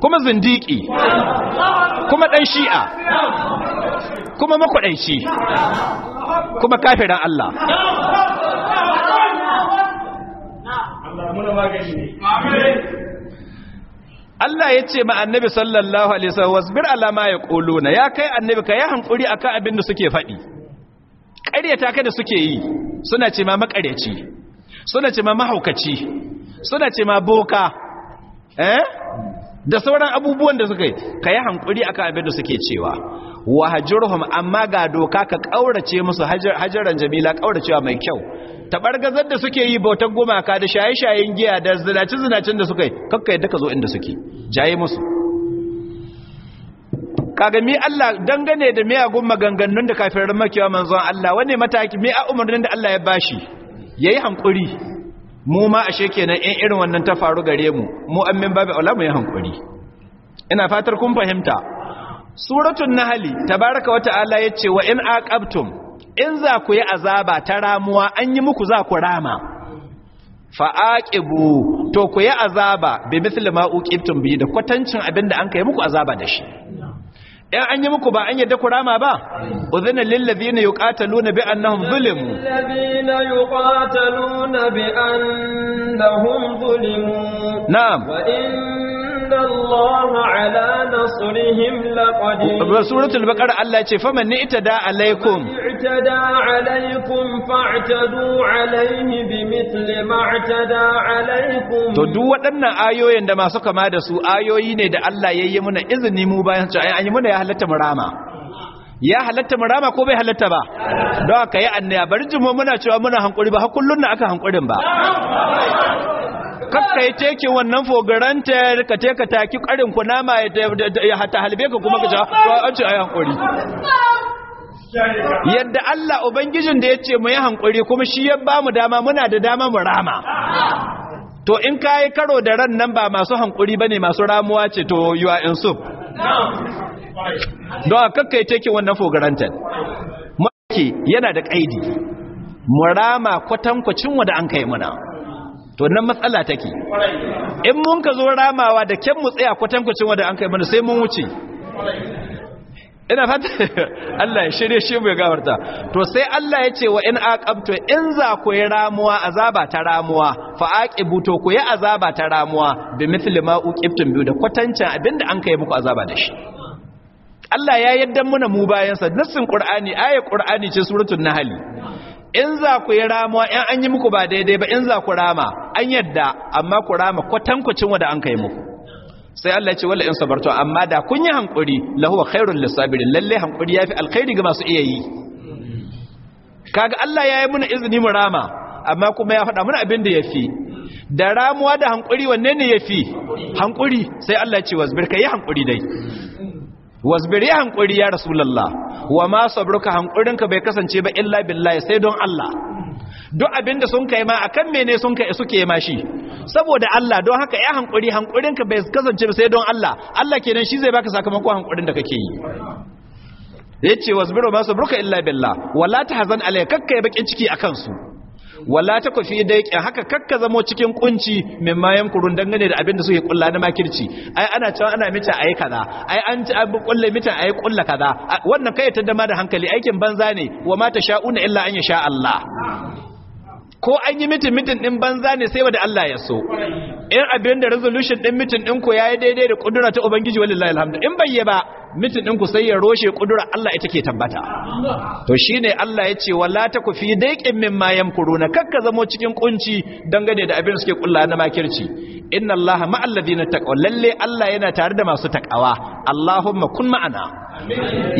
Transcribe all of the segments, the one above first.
kuma zindiki kuma dan shi'a kuma makwadanci kuma kafiran Allah Allah ya ce ma annabi sallallahu alaihi wasallam wasbir ala ma yaquluna ya kai annabi ka ya hankuri akan abin da suke faɗi ƙaryata ka da suke yi suna ce ma makareci suna ce ma mahaukaci suna ce ma boka eh da sauran abubuwan da suka yi ka yi hankuri a abin da suke cewa wa hajjurhum amma ga doka ka kaurace musu hajjaran jamila kauracewa mai kyau tabargazar da suke yi bautar gumaka da shaye-shayen giya da zinacin-zinacin da suka yi kakka yadda ka zo inda suke jaye musu kaga mi Allah dangane da miyagun maganganun da kafin makewa manzon Allah wani mataki mi a umarnin da Allah ya bashi ya yi hankuri mu ma ashe kenan in irin wannan ta faru gare mu mu an babu aula mu yi hankuri ina fatar kun fahimta suratul nahli tabaraka ta'ala yace wa in aqabtum in za ku yi azaba ta ramuwa an yi muku za ku rama fa aqibu to ku yi azaba bi mithli ma uqibtum bi da kwatancin abinda an kai muku azaba da shi yan an yi muku ba an yadda ku rama ba uzina lillabi na bi annahum zulimu lillazina yuqataluna bi annahum zulimu na'am wa ala nasrihim laqadir suratul baqara Allah ce faman ni itada alaikum اعتدى عليكم فاعتدوا عليه بمثل ما اعتدى عليكم to duk waɗannan ayoyin da masu kama da su ayoyi ne da Allah yayye muna izini mu bayan su an yi muna ya halatta murama ya halatta murama ko bai halatta ba don haka yi annaya bari jimo muna cewa muna hankuri ba har kullun na aka hankurin ba kakka ya ke wannan fogaranta ka teka taki karin kunama ya halbe ka kuma ka ce an ce ai hankuri yadda Allah ubangijin da ya ce mu yi hankuri kuma shi ya ba mu dama muna da dama mu rama to in ka yi karo da ran nan ba masu hankuri ba ne masu ramuwa ce to yi wa in su don a kakkai tekin wannan fogarantar maki yana da ƙaidi mu rama kwatankwacin wada an kai muna to nan matsala take in mun ka zo ramawa da kyan mu tsaya kwatankwacin wada an kai muna sai mun wuce ina fata Allah ya shirye shi mai gawarta to sai Allah ya ce wa in aqabtu in za ku yi ramuwa azaba ta ramuwa fa aqibu to ku yi azaba ta ramuwa bi mithli ma uqibtum bi da kwatancin abinda an kai muku azaba da shi Allah ya yaddan muna mu bayan sa nassin Qur'ani ayat Qur'ani ce suratul nahl in za ku yi ramuwa in an yi muku ba daidai ba in za ku rama an yadda amma ku rama kwatankwacin wanda an kai muku sai Allah ya ce wala in sabartu amma da kun yi hankuri lahuwa khairul lisabirin lalle hankuri yafi alkhairi ga masu iya yi kaga Allah ya yi muna izini mu rama amma kuma ya faɗa muna abin da yafi da ramuwa da hankuri wanne ne yafi hankuri sai Allah ya ce wasbir kai hankuri dai wasbir ya hankuri ya rasulullah wa ma sabruka hankurinka bai kasance ba illa billahi sai don Allah duk abinda sun kai ma akan mene sun kai suke ma shi saboda Allah don haka ya hankuri hankurin ka bai kasance ba sai don Allah Allah kenan shi zai baka sakamakon hankurin da kake yi yace wasbiru ma sabruka illa billah wala tahzan alayka ya bakin ciki akan su wala ta kufi daiki haka kakka zamo cikin kunci mai mayan kurun dangane da abin da suke kulla na makirci ai ana cewa ana mita ayi kaza ai an ci abu kulle mita ayi kulla kaza wannan kai ta dama da hankali aikin banza ne wa ma ta sha'una illa an yasha Allah ko an yi mitin mitin din banza ne sai wa da Allah ya so in abin da resolution din mitin din ku yayi daidai da kudura ta ubangiji wallahi alhamdu in bayye ba mitin din ku sai ya roshe kudura Allah ita ke tabbata to shine Allah ya ce wala taku fi daiqin mimma yamkuruna kakka zamo cikin kunci dangane da abin da suke kullawa na makirci inna Allah ma'al ladina taqaw lalle Allah yana tare da masu takawa Allahumma kun ma'ana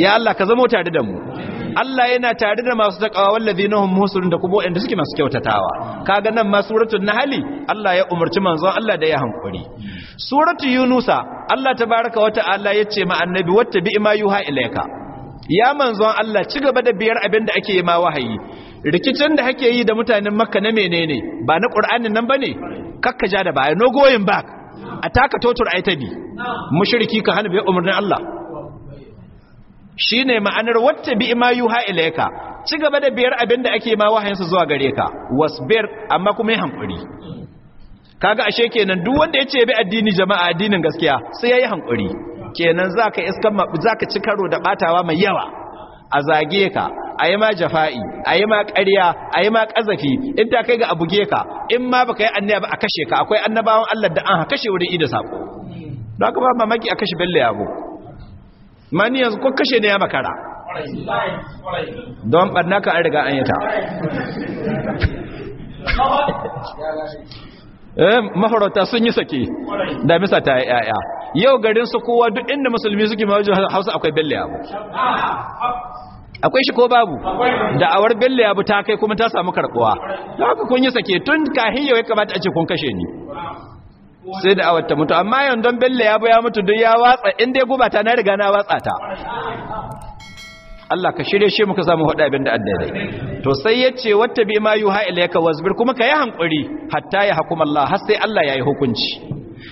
ya Allah ka zamo tare da mu Allah yana tare da masu takawa wallazina hum muhsinun da kuma waɗanda suke masu kyautatawa kaga nan ma suratul nahli Allah ya umarci manzon Allah da ya hankuri Suratu yunusa Allah tabaaraka wa ya ce ma annabi bi ma yuha ilaika ya manzon Allah ci gaba da biyar abin da ake yi ma wahayi rikicin da hake yi da mutanen makka na menene ba na qur'anin nan bane ja da baya no going back a taka totur aitabi mushriki ka hana bai Allah Shi ne ma'anar wattabi ma yuha ilayka ci gaba da biyar abin da ake ma wahayinsa zuwa gare ka biyar amma kuma yi hankuri kaga ashe kenan duk wanda ya ce bi addini jama'a addinin gaskiya sai ya yi hankuri kenan zaka za ka ci karo da batawa mai yawa a zage ka a yi ma jafa'i a yi ma ƙarya yi ma ƙazafi in ta kai ga abuge ka in ma baka yi annaba a kashe ka akwai annabawan Allah da an ha kashe wurin ida sako don haka ba mamaki a kashe bello yabo mani yanzu ko kashe ne ya makara don ɓarna ka an riga an yi ta eh, mafarauta sun yi sake da misa ta yi yaya yau garin su kowa duk inda musulmi suke mawajin hausa akwai belle abu akwai shi ko babu da awar belle abu ta kai kuma ta samu karbuwa da haka kun yi sake tun kahin yau ya kamata a ce kun kashe ni sai da awata mutu amma yanzu don bello ya buya mutu duk ya watsa Inda ya guba ta na riga na watsa ta Allah ka shirye shi muka samu hudu abin da addare to sai ya ce wata bi ma yuha ilayka wasbir kuma ka yi hankuri hatta ya hukuma Allah har sai Allah ya yi hukunci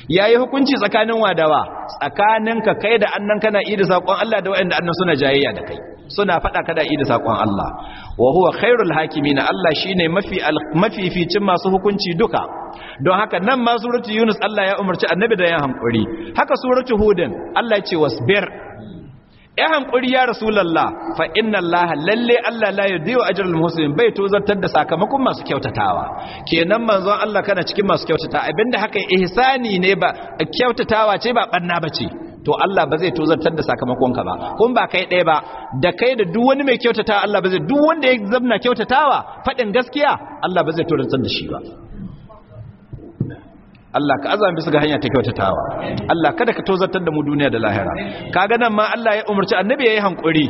ya yi hukunci tsakanin wadawa tsakaninka kai da annan kana da saƙon Allah da wanda annan suna jayayya da kai suna faɗa kada da sakon Allah wa huwa khairul na Allah shine mafi mafificin masu hukunci duka don haka nan ma suratu Yunus Allah ya umarci annabi da ya hankuri haka suratu Hudin Allah ya ce wasbir ya hankuri ya rasulullah fa inna Allah lalle Allah la yudiyu ajral muslimin bai tozartar da sakamakon masu kyautatawa kenan manzon Allah kana cikin masu kyautata abinda haka ihsani ne ba kyautatawa ce ba banna bace to Allah ba zai tozartar da sakamakonka ba kun ba kai ɗaya ba da kai da duk wani mai kyautata Allah ba zai duk wanda ya zamna kyautatawa faɗin gaskiya Allah ba zai tozartar da shi ba Allah ka azami bisa ga hanya ta kyautatawa Allah kada ka tozartar da mu duniya da lahira kaga nan ma Allah ya umarci annabi yayi hankuri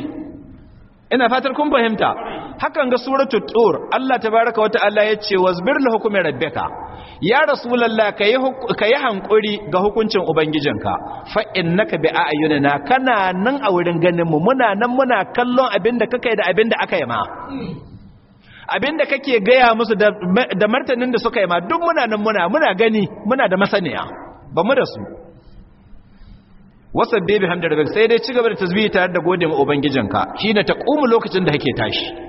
ina fatar kun fahimta hakan ga suratul tur Allah tabaaraka wa ta'ala yace wasbir li hukmi rabbika ya rasulullah kayi kayi hankuri ga hukuncin ubangijinka fa innaka bi ayyunina kana nan a wurin ganin mu muna nan muna kallon abinda kake da abinda aka yi ma abinda kake gaya musu da martanin da suka yi ma duk muna nan muna muna gani muna da masaniya ba mu da su wasabbi bi hamdar rabbik sai dai cigaba da tasbihi tare da gode ma ubangijinka shine kuma lokacin da kake tashi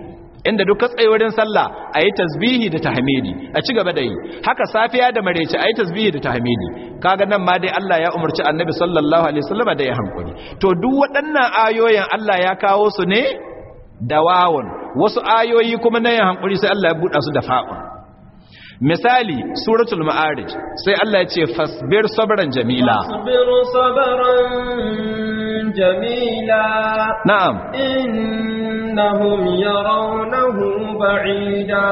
inda duk tsaye wurin sallah a yi tasbihi da tahmidi a ci gaba da yi haka safiya da mareci a yi tasbihi da tahmidi kaga nan ma dai Allah ya umarci annabi sallallahu alaihi wasallam da ya hankuri to duk waɗannan ayoyin Allah ya kawo su ne da wawun wasu ayoyi kuma na yin hankuri sai Allah ya buɗa su da fa'un misali suratul ma'arij sai Allah ya ce fasbir sabran jamila fasbir sabran جميلا نعم إنهم يرونه بعيدا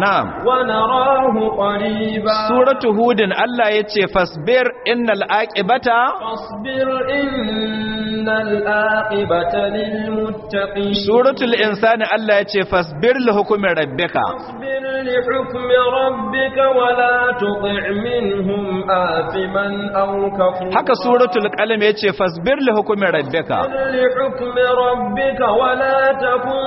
نعم ونراه قريبا سورة هود الله يتي فاصبر إن العاقبة فاصبر إن العاقبة للمتقين سورة الإنسان الله يتي فاصبر لحكم ربك فاصبر لحكم ربك ولا تطع منهم آثما أو كفورا هكا سورة القلم يتشي فاصبر لحكم ربك لحكم ربك ولا تكن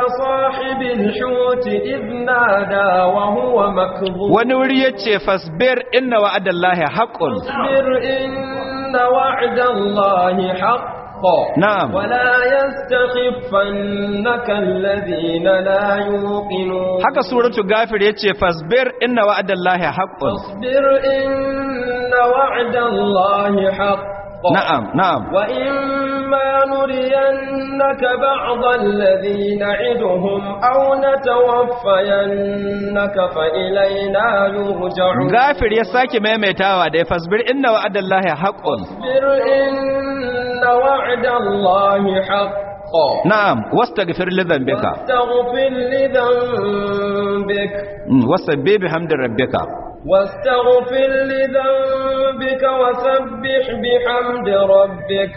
كصاحب الحوت إذ نادى وهو مكظوم ونوري يتشي فاصبر إن وعد الله حق فاصبر إن وعد الله حق حقا نعم ولا يستخفنك الذين لا يوقنون haka suratul ghafir yace fasbir inna wa'dallahi haqqun fasbir inna wa'dallahi haqqun حقا نعم نعم وإما نرينك بعض الذين نعدهم أو نتوفينك فإلينا يرجعون غافر يساكي ميميتاوا دي فاصبر إن وعد الله حق فاصبر إن وعد الله حق نعم واستغفر لذنبك واستغفر لذنبك وسبح بحمد ربك واستغفر لذنبك وسبح بحمد ربك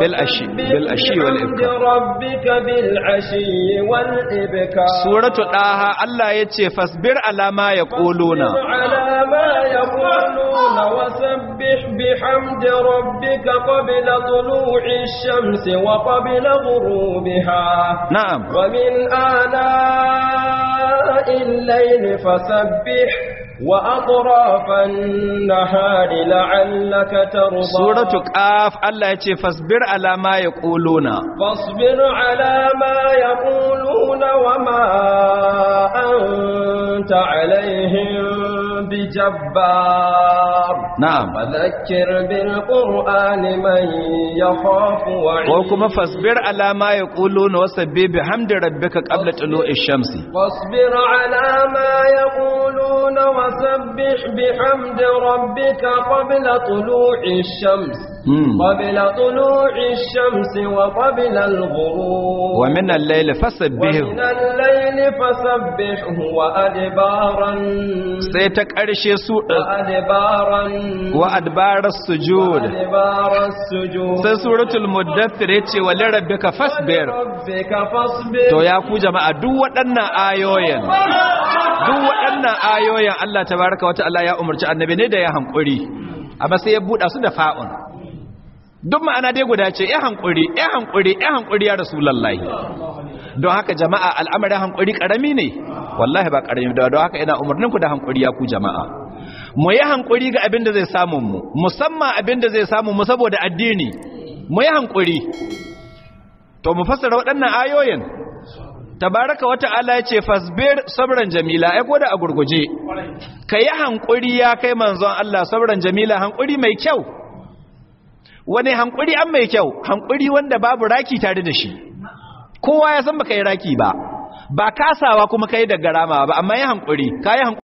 بالعشي بالعشي والإبكار ربك بالعشي والإبكار سورة طه الله يتشي فاصبر على ما يقولون على ما يقولون وسبح بحمد ربك قبل طلوع الشمس وقبل غروبها نعم ومن آلاء الليل فسبح وأطراف النهار لعلك ترضى سورة قاف الله يتي فاصبر على ما يقولون فاصبر على ما يقولون وما أنت عليهم بجبار نعم فذكر بالقرآن من يخاف وعيد وكما فاصبر على ما يقولون وسبح بحمد ربك قبل طلوع الشمس فاصبر على ما يقولون وسبح بحمد ربك قبل طلوع الشمس قبل طلوع الشمس وقبل الغروب ومن الليل فسبه ومن الليل الليل فسبحه وأدبار سيتكرشي سوء وأدبار وأدبار السجود وأدبار السجود سورة المدثر ولربك فاصبر ولربك فاصبر To ya ku jama'a duk waɗannan ayoyin duk waɗannan ayoyin Allah tabaraka wa ta'ala ya umarci annabi ne da ya hankuri amma sai ya buɗa su da fa'un duk ma'ana dai guda ce ya hankuri ya hankuri ya hankuri ya rasulullahi don haka jama'a al'amarin hankuri karami ne wallahi ba karami da don haka ina umarninku ku da hankuri ya ku jama'a mu yi hankuri ga abin da zai samu mu musamman abin da zai samu mu saboda addini mu yi hankuri to mu fassara waɗannan ayoyin tabaraka wata ya ce fasbir sabran jamila ai goda a gurguje ka yi hankuri ya kai manzon Allah sabran jamila hankuri mai kyau wani hankuri an mai kyau hankuri wanda babu raki tare da shi kowa ya san baka yi raki ba ba kasawa kuma kai da garama ba amma yi hankuri ka yi hankuri